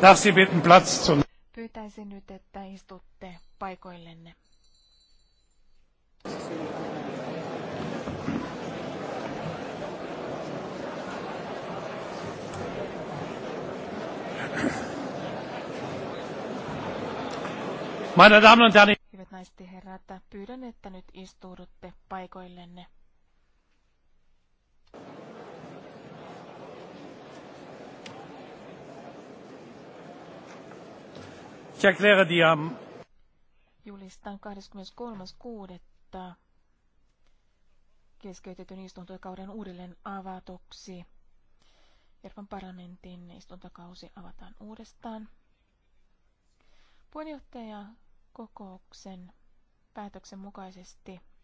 Darf Sie bitten Platz zu Pyytäisin nyt, että istutte paikoillenne. Meine Damen und Herren, Hyvät naiset ja herrat, pyydän, että nyt istuudutte paikoillenne. Julistan 23.6. keskeytetyn istuntokauden uudelleen avatuksi. Euroopan parlamentin istuntokausi avataan uudestaan. Puheenjohtaja kokouksen päätöksen mukaisesti